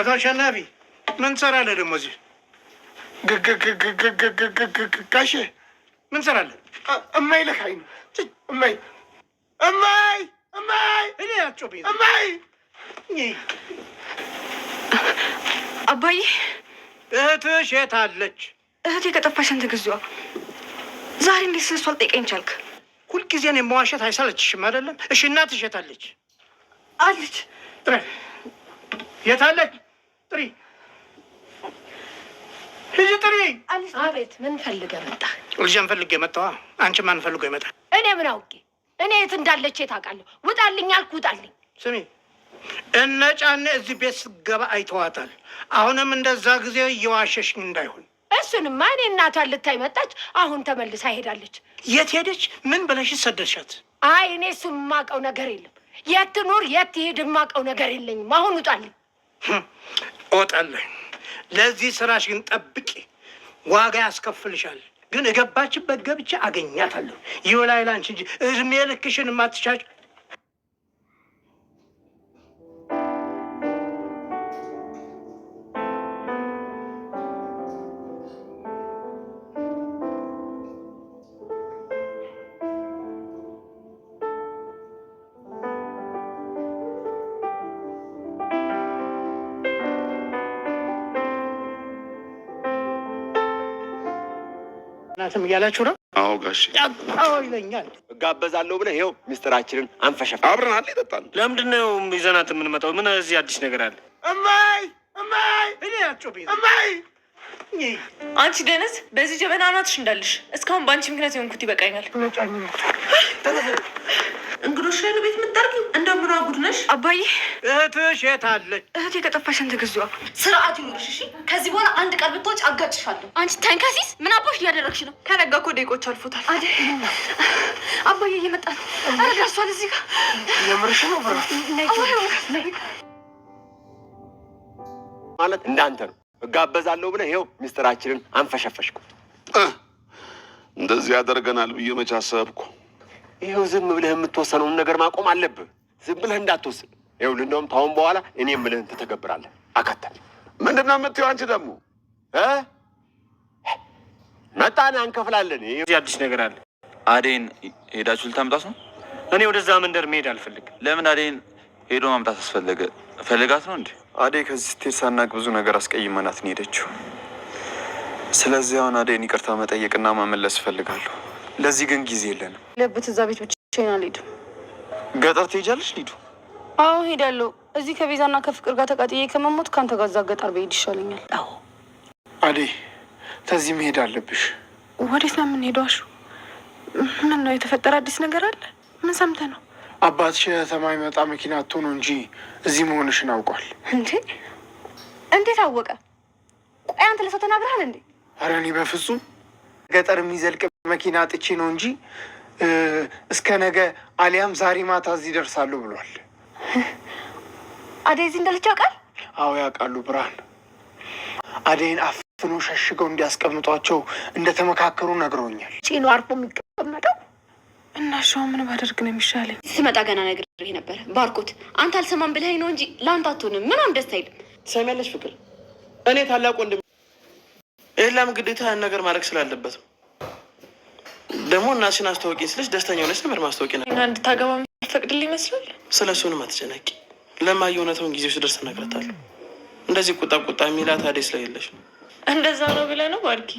አቶ አሸናፊ ምን ትሰራለህ ደግሞ እዚህ? ጋሼ ምን ትሰራለህ? እማይ ነው። እማይ እማይ እማይ እኔ እማይ አባዬ፣ እህትሽ የት አለች? እህቴ ከጠፋሽ ስንት ጊዜዋ። ዛሬ እንዴት ስለ አልጠይቀኝ ቻልክ? ሁልጊዜ መዋሸት አይሰለችሽም አይደለም? እሺ እናትሽ የት አለች? አለች። የት አለች? ልጅ ጥሪ አቤት ምን ፈልገ መጣ? ልጅን ፈልጌ መጣሁ አንቺ ማን ፈልጎ ይመጣል እኔ ምን አውቄ እኔ የት እንዳለች ታውቃለሁ ውጣልኝ አልኩ፣ ውጣልኝ ስሚ እነ ጫኔ እዚህ ቤት ስገባ አይተዋታል አሁንም እንደዛ ጊዜ እየዋሸሽኝ እንዳይሆን እሱንማ እኔ እናቷን ልታይ መጣች አሁን ተመልሳ ሄዳለች የት ሄደች ምን ብለሽ ሰደሻት? አይ እኔ እሱን የማውቀው ነገር የለም የት ኑር የት ሄድ የማውቀው ነገር የለኝም አሁን ውጣልኝ እወጣለሁ ለዚህ ስራሽ ግን ጠብቂ፣ ዋጋ ያስከፍልሻል። ግን እገባችበት ገብቼ አገኛታለሁ። ይኸው ላይ ላንቺ እንጂ እድሜ ልክሽን የማትሻቸው ናትም እያላችሁ ነው። አዎ ጋሽ ጫጣው ይለኛል እጋበዛለሁ ብለህ ይኸው ምስጢራችንን አንፈሸፍ አብረን አለ ይጠጣል። ለምንድን ነው ይዘናት የምንመጣው? ምን እዚህ አዲስ ነገር አለ? እማይ እማይ እኔ ያጮብ እማይ አንቺ ደነዝ፣ በዚህ ጀበና አናትሽ እንዳለሽ። እስካሁን በአንቺ ምክንያት የሆንኩት ይበቃኛል። እንግዶች ላይ ቤት የምታርጊው? እንደምን ጉድ ነሽ አባዬ። እህትሽ የት አለች? እህቴ ከጠፋሽ እንትን ጊዜዋ ስርዓት ይኑርሽ እሺ። ከዚህ በኋላ አንድ ቀን ብትወጪ አጋጭሻለሁ። አንቺ ተንከሲስ ምን አባሽ እያደረግሽ ነው? ከነጋ እኮ ደቂቆች አልፎታል። አ አባዬ እየመጣ ነው። ኧረ እዚህ ጋር የምርሽ ነው ማለት እንዳንተ ነው እጋበዛለሁ ብለህ ይኸው ሚስጥራችንን አንፈሸፈሽኩ። እንደዚህ ያደርገናል ብዬ መቼ አሰብኩ። ይኸው ዝም ብለህ የምትወሰነውን ነገር ማቆም አለብህ። ዝም ብለህ እንዳትወስን። ይኸውልህ እንደውም ታሁን በኋላ እኔ የምልህን ትተገብራለህ። አከተል ምንድን ነው የምትይው? አንቺ ደግሞ መጣን አንከፍላለን። እዚህ አዲስ ነገር አለ። አዴን ሄዳችሁ ልታምጣት ነው? እኔ ወደዛ መንደር መሄድ አልፈልግ። ለምን አዴን ሄዶ ማምጣት አስፈለገ? ፈልጋት ነው እንዴ? አዴ ከዚህ ስትሄድ ሳናቅ ብዙ ነገር አስቀይመናት ሄደችው። ስለዚህ አሁን አዴን ይቅርታ መጠየቅና መመለስ እፈልጋለሁ። ለዚህ ግን ጊዜ የለንም። ለብት እዛ ቤት ብቻዬን አልሄድም። ገጠር ትሄጃለሽ ሊዱ? አዎ ሄዳለሁ። እዚህ ከቤዛና ከፍቅር ጋር ተቃጥዬ ከመሞት ከአንተ ጋር እዛ ገጠር ብሄድ ይሻለኛል። አዎ አዴ፣ ተዚህ መሄድ አለብሽ። ወዴት ነው የምንሄደው? አሹ፣ ምን ነው የተፈጠረ? አዲስ ነገር አለ? ምን ሰምተህ ነው? አባትሽ ከተማ መጣ መኪና አቶ ነው እንጂ እዚህ መሆንሽን አውቋል። እንዴ እንዴት አወቀ? ቆይ አንተ ለሰው ተናግረሃል እንዴ? ኧረ እኔ በፍጹም ገጠር የሚዘልቅ መኪና ጥቼ ነው እንጂ እስከ ነገ አሊያም ዛሬ ማታ እዚህ ይደርሳሉ ብሏል። አደይ እዚህ እንዳለች ያውቃል? አዎ ያውቃሉ። ብርሃን አደይን አፍኖ ሸሽገው እንዲያስቀምጧቸው እንደተመካከሩ ነግረውኛል። ቺኖ አርፎ የሚቀመጠው እና ሻው ምን ባደርግ ነው የሚሻለኝ? ስመጣ ገና ነግሬህ ነበር ባርኮት፣ አንተ አልሰማም ብለኸኝ ነው እንጂ ለአንተ አትሆንም። ምናም ደስ አይልም። ሰሚያለሽ ፍቅር፣ እኔ ታላቅ ወንድም የላም ግዴታ ያን ነገር ማድረግ ስላለበትም ደግሞ እናትሽን አስታወቂ ስልሽ ደስተኛ ሆነች ነበር። ማስታወቂ ነ እንድታገባ የሚፈቅድል ይመስላል። ስለ እሱንም አትጨነቂ። ለማየ እውነቱን ጊዜው ሲደርስ እነግራታለሁ። እንደዚህ ቁጣ ቁጣ የሚላት አዴ ስለሌለሽ ነው። እንደዛ ነው ብለህ ነው ባልኪ?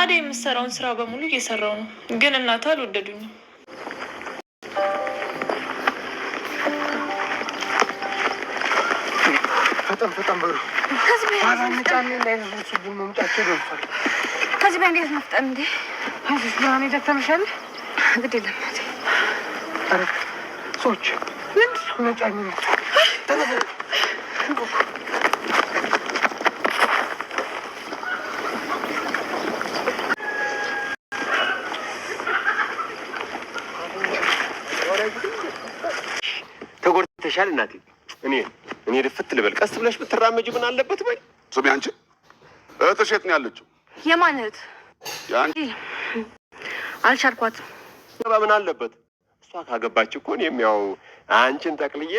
አዴ የምሰራውን ስራ በሙሉ እየሰራው ነው፣ ግን እናት አልወደዱኝም። በጣም በጣም በሩ ከዚህ በእንዴት መፍጠን እንዴ ዛኔ ደተመሻል ግድ የለም ሰዎች ምን ነጫኝ እናቴ። እኔ እኔ ድፍት ልበል። ቀስ ብለሽ ብትራመጅ ምን አለበት? ወይ ስሚ አንቺ እህትሽ የት ነው ያለችው? የማን እህት? አልቻልኳትም። ገባ ምን አለበት? እሷ ካገባች እኮ እኔም ያው አንቺን ጠቅልዬ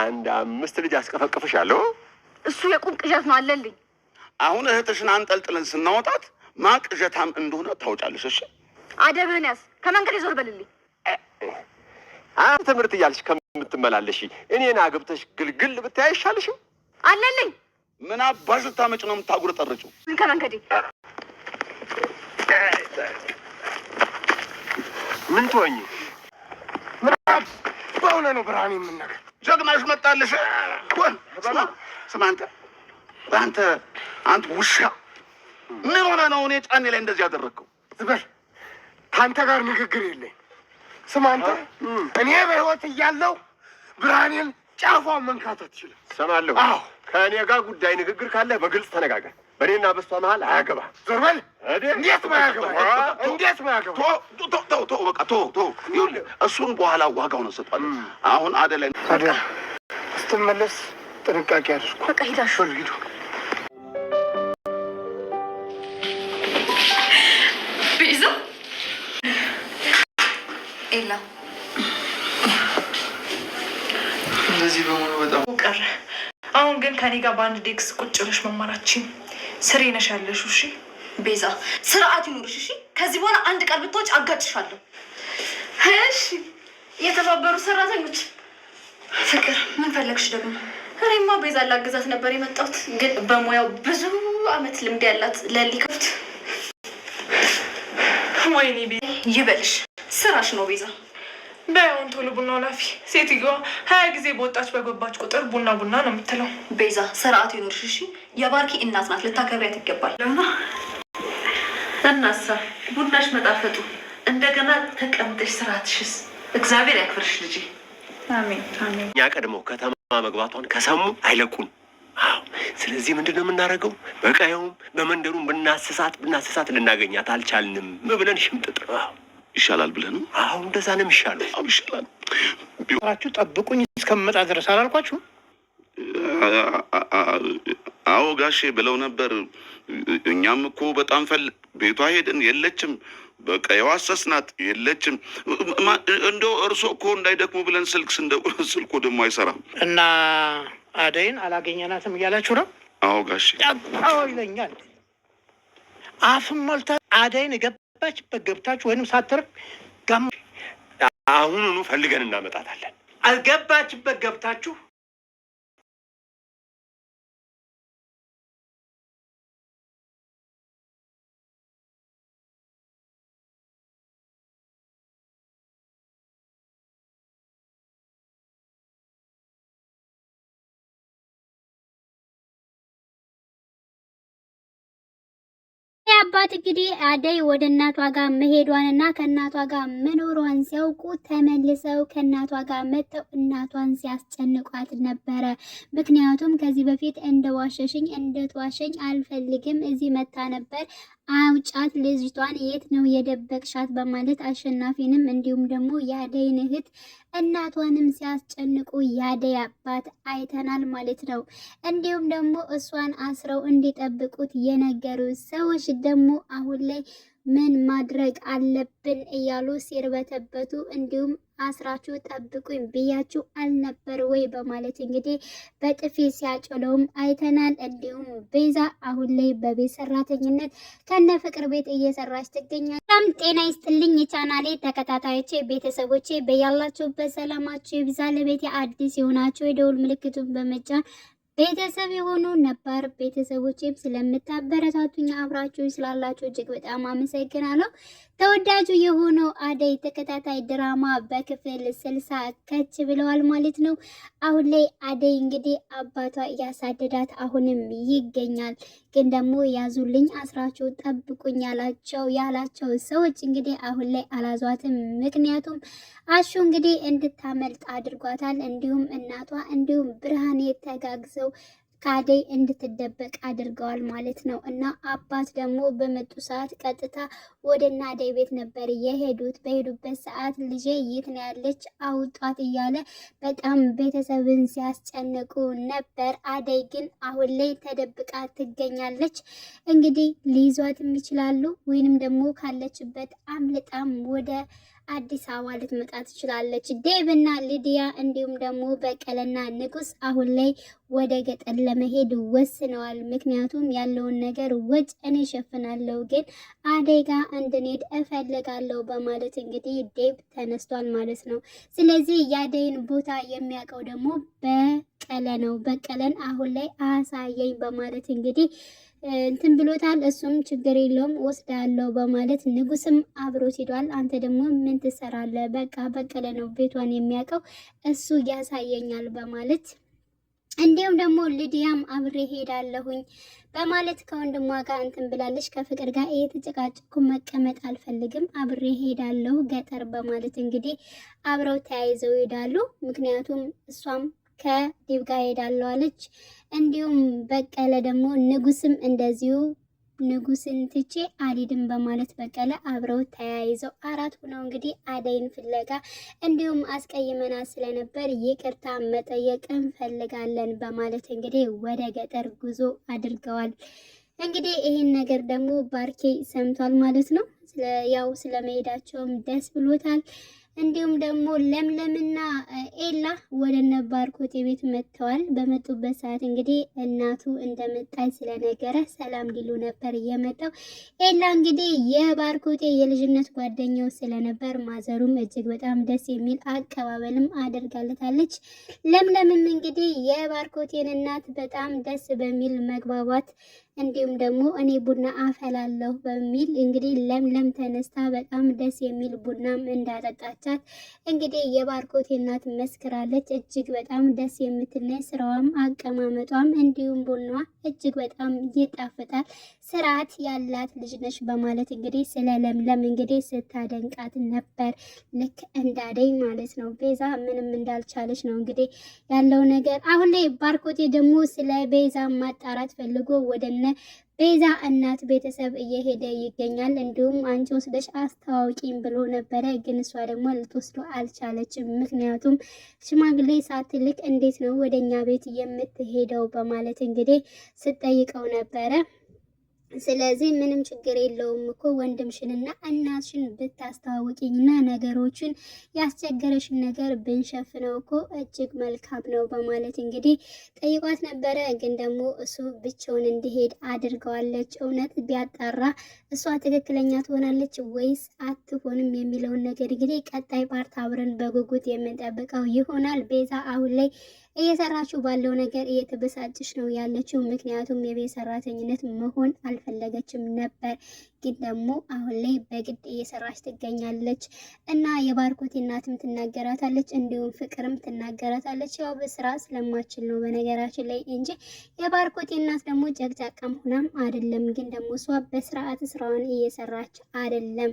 አንድ አምስት ልጅ አስቀፈቅፍሻለሁ። እሱ የቁም ቅዠት ነው አለልኝ። አሁን እህትሽን አንጠልጥለን ስናወጣት ማቅዠታም እንደሆነ ታውጫለሽ። እሺ አደብህን ያዝ፣ ከመንገድ የዞር በልልኝ። አንተ ትምህርት እያልሽ ከምትመላለሽ እኔን አግብተሽ ግልግል ብታይ አይሻልሽም? አለልኝ። ምን አባሽ ልታመጭ ነው የምታጉረጠርጭው? ከመንገዴ ምን ትሆኚ? ምናት በሆነ ነው ብርሃን የምናገር ጀግናሽ መጣልሽ። ኮን ስማ አንተ አንተ አንተ ውሻ ምን ሆነ ነው እኔ ጫኔ ላይ እንደዚህ ያደረግከው? ዝበል ከአንተ ጋር ንግግር የለኝ። ስማ አንተ እኔ በህይወት እያለው ብርሃኔን ጫፏን መንካት አትችልም። ሰማለሁ። ከእኔ ጋር ጉዳይ ንግግር ካለ በግልጽ ተነጋገር። በእኔና በሷ መሀል አያገባ። ዞር በል። እንዴት ማያገባ? እንዴት ማያገባ? ቶ ተው፣ በቃ ቶ ቶ ይኸውልህ እሱን በኋላ ዋጋው ነው ሰጧል። አሁን አደለን። ታዲያ ስትመለስ ጥንቃቄ አድርጉ። በቃ ሂዳሽ ወልጊዱ ቤዛ ኤላ እነዚህ በሙሉ በጣም ቀረ። አሁን ግን ከኔ ጋር በአንድ ዴክስ ቁጭ ብለሽ መማራችን ስሬ ነሽ ያለሽ። እሺ ቤዛ፣ ስርዓት ይኑርሽ። እሺ ከዚህ በኋላ አንድ ቃል ብትወጪ አጋጭሻለሁ። እሺ የተባበሩ ሰራተኞች ፍቅር፣ ምን ፈለግሽ ደግሞ? እኔማ ቤዛ ላግዛት ነበር የመጣሁት፣ ግን በሙያው ብዙ አመት ልምድ ያላት ለሊ ከብት። ወይኔ ይበልሽ፣ ስራሽ ነው ቤዛ። በያውን ቶሎ ቡና ላፊ። ሴትዮዋ ሀያ ጊዜ በወጣች በገባች ቁጥር ቡና ቡና ነው የምትለው። ቤዛ ስርዓት ይኖርሽ እሺ። የባርኪ እናት ናት፣ ልታከብሪያት ይገባል። እናሳ ቡናሽ መጣፈጡ እንደገና ተቀምጠሽ ስርዓትሽስ እግዚአብሔር ያክብርሽ ልጅ አሜን አሜን። ቀድመው ከተማ መግባቷን ከሰሙ አይለቁን። አዎ። ስለዚህ ምንድን ነው የምናደርገው? በቀየውም በመንደሩም ብናስሳት ብናስሳት ልናገኛት አልቻልንም ብለን ሽምጥጥ ይሻላል ብለህ ነው? አሁ እንደዛ ነው የሚሻለው። አዎ ይሻላል። ቢሆናችሁ ጠብቁኝ እስከምመጣ ድረስ አላልኳችሁ? አዎ ጋሼ ብለው ነበር። እኛም እኮ በጣም ፈል ቤቷ ሄድን፣ የለችም። በቃ የዋሰስናት የለችም። እንደው እርሶ እኮ እንዳይደክሙ ብለን ስልክ ስልኩ ደግሞ አይሰራም እና አደይን አላገኘናትም እያላችሁ ነው? አዎ ጋሼ። ይለኛል አፍም ሞልተ አደይን ገብ ባችበት ገብታችሁ ወይም ሳትርፍ ጋ አሁኑኑ ፈልገን እናመጣታለን። አልገባችበት ገብታችሁ አባት እንግዲህ አደይ ወደ እናቷ ጋር መሄዷንና ከእናቷ ጋር መኖሯን ሲያውቁ ተመልሰው ከእናቷ ጋር መጥተው እናቷን ሲያስጨንቋት ነበረ። ምክንያቱም ከዚህ በፊት እንደዋሸሽኝ ተዋሸኝ አልፈልግም እዚህ መታ ነበር አውጫት ልጅቷን የት ነው የደበቅሻት? በማለት አሸናፊንም እንዲሁም ደግሞ የአደይን እህት እናቷንም ሲያስጨንቁ የአደይ አባት አይተናል ማለት ነው። እንዲሁም ደግሞ እሷን አስረው እንዲጠብቁት የነገሩ ሰዎች ደግሞ አሁን ላይ ምን ማድረግ አለብን እያሉ ሲርበተበቱ እንዲሁም አስራችሁ ጠብቁኝ ብያችሁ አልነበር ወይ በማለት እንግዲህ በጥፊ ሲያጭለውም አይተናል። እንዲሁም ቤዛ አሁን ላይ በቤት ሰራተኝነት ከነ ፍቅር ቤት እየሰራች ትገኛል። በጣም ጤና ይስጥልኝ የቻናሌ ተከታታዮቼ ቤተሰቦቼ በያላችሁበት ሰላማችሁ ይብዛ። ለቤት አዲስ የሆናችሁ የደውል ምልክቱን በመጫን ቤተሰብ የሆኑ ነባር ቤተሰቦች ስለምታበረታቱኝ አብራችሁ ስላላችሁ እጅግ በጣም አመሰግናለሁ። ተወዳጁ የሆነው አደይ ተከታታይ ድራማ በክፍል ስልሳ ከች ብለዋል ማለት ነው። አሁን ላይ አደይ እንግዲህ አባቷ እያሳደዳት አሁንም ይገኛል። ግን ደግሞ ያዙልኝ አስራችሁ ጠብቁኝ ያላቸው ያላቸው ሰዎች እንግዲህ አሁን ላይ አላዟትም። ምክንያቱም አሹ እንግዲህ እንድታመልጥ አድርጓታል። እንዲሁም እናቷ እንዲሁም ብርሃኔ የተጋግዘው ከአደይ እንድትደበቅ አድርገዋል ማለት ነው። እና አባት ደግሞ በመጡ ሰዓት ቀጥታ ወደ እነ አደይ ቤት ነበር የሄዱት። በሄዱበት ሰዓት ልጄ የት ነው ያለች አውጧት እያለ በጣም ቤተሰብን ሲያስጨንቁ ነበር። አደይ ግን አሁን ላይ ተደብቃ ትገኛለች። እንግዲህ ሊይዟትም ይችላሉ ወይንም ደግሞ ካለችበት አምልጣም ወደ አዲስ አበባ ልትመጣ ትችላለች። ዴቭ እና ሊዲያ እንዲሁም ደግሞ በቀለና ንጉስ አሁን ላይ ወደ ገጠር ለመሄድ ወስነዋል። ምክንያቱም ያለውን ነገር ወጭ እኔ ሸፍናለሁ፣ ግን አደጋ እንድንሄድ እፈልጋለሁ በማለት እንግዲህ ዴቭ ተነስቷል ማለት ነው። ስለዚህ የአደይን ቦታ የሚያውቀው ደግሞ በቀለ ነው። በቀለን አሁን ላይ አሳየኝ በማለት እንግዲህ እንትን ብሎታል። እሱም ችግር የለውም ወስዳለሁ በማለት ንጉስም አብሮ ሲዷል። አንተ ደግሞ ምን ትሰራለ? በቃ በቀለ ነው ቤቷን የሚያውቀው እሱ ያሳየኛል በማለት እንዲሁም ደግሞ ልድያም አብሬ ሄዳለሁኝ በማለት ከወንድሟ ጋር እንትን ብላለች። ከፍቅር ጋር እየተጨቃጨኩ መቀመጥ አልፈልግም አብሬ ሄዳለሁ ገጠር በማለት እንግዲህ አብረው ተያይዘው ይሄዳሉ። ምክንያቱም እሷም ከዲብ ጋር ሄዳለዋለች እንዲሁም በቀለ ደግሞ ንጉስም እንደዚሁ ንጉስን ትቼ አልሄድም በማለት በቀለ አብረው ተያይዘው አራት ሆነው እንግዲህ አደይን ፍለጋ እንዲሁም አስቀይመና ስለነበር ይቅርታ መጠየቅ እንፈልጋለን በማለት እንግዲህ ወደ ገጠር ጉዞ አድርገዋል። እንግዲህ ይህን ነገር ደግሞ ባርኬ ሰምቷል ማለት ነው። ያው ስለመሄዳቸውም ደስ ብሎታል። እንዲሁም ደግሞ ለምለምና ኤላ ወደ እነ ባርኮቴ ቤት መጥተዋል። በመጡበት ሰዓት እንግዲህ እናቱ እንደመጣች ስለነገረ ሰላም ሊሉ ነበር እየመጣው። ኤላ እንግዲህ የባርኮቴ የልጅነት ጓደኛው ስለነበር ማዘሩም እጅግ በጣም ደስ የሚል አቀባበልም አድርጋለታለች። ለምለምም እንግዲህ የባርኮቴን እናት በጣም ደስ በሚል መግባባት እንዲሁም ደግሞ እኔ ቡና አፈላለሁ በሚል እንግዲህ ለምለም ተነስታ በጣም ደስ የሚል ቡናም እንዳጠጣቻት እንግዲህ የባርኮቴ እናት መስክራለች። እጅግ በጣም ደስ የምትለኝ ስራዋም አቀማመጧም እንዲሁም ቡናዋ እጅግ በጣም ይጣፍጣል፣ ስርዓት ያላት ልጅ ነች በማለት እንግዲህ ስለ ለምለም እንግዲህ ስታደንቃት ነበር። ልክ እንዳደኝ ማለት ነው። ቤዛ ምንም እንዳልቻለች ነው እንግዲህ ያለው ነገር አሁን ላይ ባርኮቴ ደግሞ ስለ ቤዛ ማጣራት ፈልጎ ወደ የነ ቤዛ እናት ቤተሰብ እየሄደ ይገኛል። እንዲሁም አንቺ ወስደሽ አስተዋውቂም ብሎ ነበረ፣ ግን እሷ ደግሞ ልትወስዶ አልቻለችም። ምክንያቱም ሽማግሌ ሳትልክ እንዴት ነው ወደኛ ቤት የምትሄደው በማለት እንግዲህ ስትጠይቀው ነበረ። ስለዚህ ምንም ችግር የለውም እኮ ወንድምሽንና እናትሽን ብታስተዋውቂኝና ነገሮችን ያስቸገረሽን ነገር ብንሸፍነው እኮ እጅግ መልካም ነው በማለት እንግዲህ ጠይቋት ነበረ። ግን ደግሞ እሱ ብቻውን እንዲሄድ አድርገዋለች። እውነት ቢያጣራ እሷ ትክክለኛ ትሆናለች ወይስ አትሆንም የሚለውን ነገር እንግዲህ ቀጣይ ፓርት አብረን በጉጉት የምንጠብቀው ይሆናል። ቤዛ አሁን ላይ እየሰራችሁ ባለው ነገር እየተበሳጭሽ ነው ያለችው። ምክንያቱም የቤት ሰራተኝነት መሆን አልፈለገችም ነበር። ግን ደግሞ አሁን ላይ በግድ እየሰራች ትገኛለች እና የባርኮቴ እናትም ትናገራታለች፣ እንዲሁም ፍቅርም ትናገራታለች። ያው በስራ ስለማችል ነው በነገራችን ላይ እንጂ የባርኮቴ እናት ደግሞ ጨቅጫቃም ሁናም አይደለም። ግን ደግሞ እሷ በስርዓት ስራውን እየሰራች አይደለም።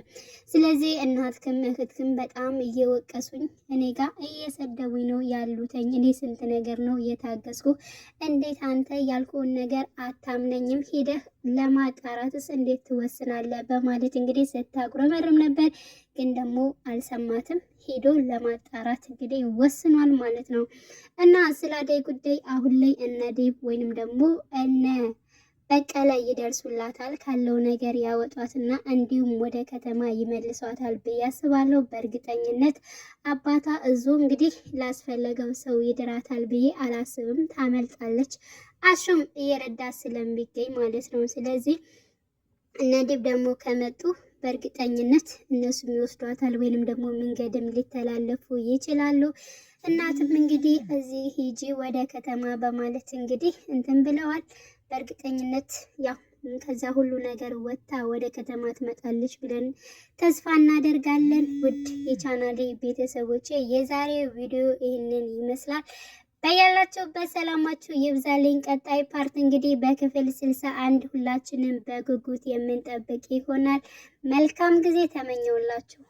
ስለዚህ እናትክም እህትክም በጣም እየወቀሱኝ እኔ ጋር እየሰደቡኝ ነው ያሉተኝ። እኔ ስንት ነገር ነው እየታገስኩ እንዴት አንተ ያልኩህን ነገር አታምነኝም ሂደህ ለማጣራትስ እንዴት ትወስናለህ? በማለት እንግዲህ ስታጉረመርም ነበር። ግን ደግሞ አልሰማትም። ሄዶ ለማጣራት እንግዲህ ወስኗል ማለት ነው። እና ስለ አደይ ጉዳይ አሁን ላይ እነ ዴቭ ወይንም ደግሞ እነ በቀለ ይደርሱላታል፣ ካለው ነገር ያወጧትና እንዲሁም ወደ ከተማ ይመልሷታል ብዬ አስባለሁ። በእርግጠኝነት አባታ እዙ እንግዲህ ላስፈለገው ሰው ይድራታል ብዬ አላስብም። ታመልጣለች፣ አሹም እየረዳት ስለሚገኝ ማለት ነው። ስለዚህ እነዲብ ደግሞ ከመጡ በእርግጠኝነት እነሱም ይወስዷታል፣ ወይንም ደግሞ መንገድም ሊተላለፉ ይችላሉ። እናትም እንግዲህ እዚህ ሂጂ ወደ ከተማ በማለት እንግዲህ እንትን ብለዋል። በእርግጠኝነት ያው ከዛ ሁሉ ነገር ወጥታ ወደ ከተማ ትመጣለች ብለን ተስፋ እናደርጋለን። ውድ የቻናሌ ቤተሰቦች የዛሬ ቪዲዮ ይህንን ይመስላል። በያላችሁ በሰላማችሁ ይብዛልኝ። ቀጣይ ፓርት እንግዲህ በክፍል ስልሳ አንድ ሁላችንም በጉጉት የምንጠብቅ ይሆናል። መልካም ጊዜ ተመኘውላችሁ።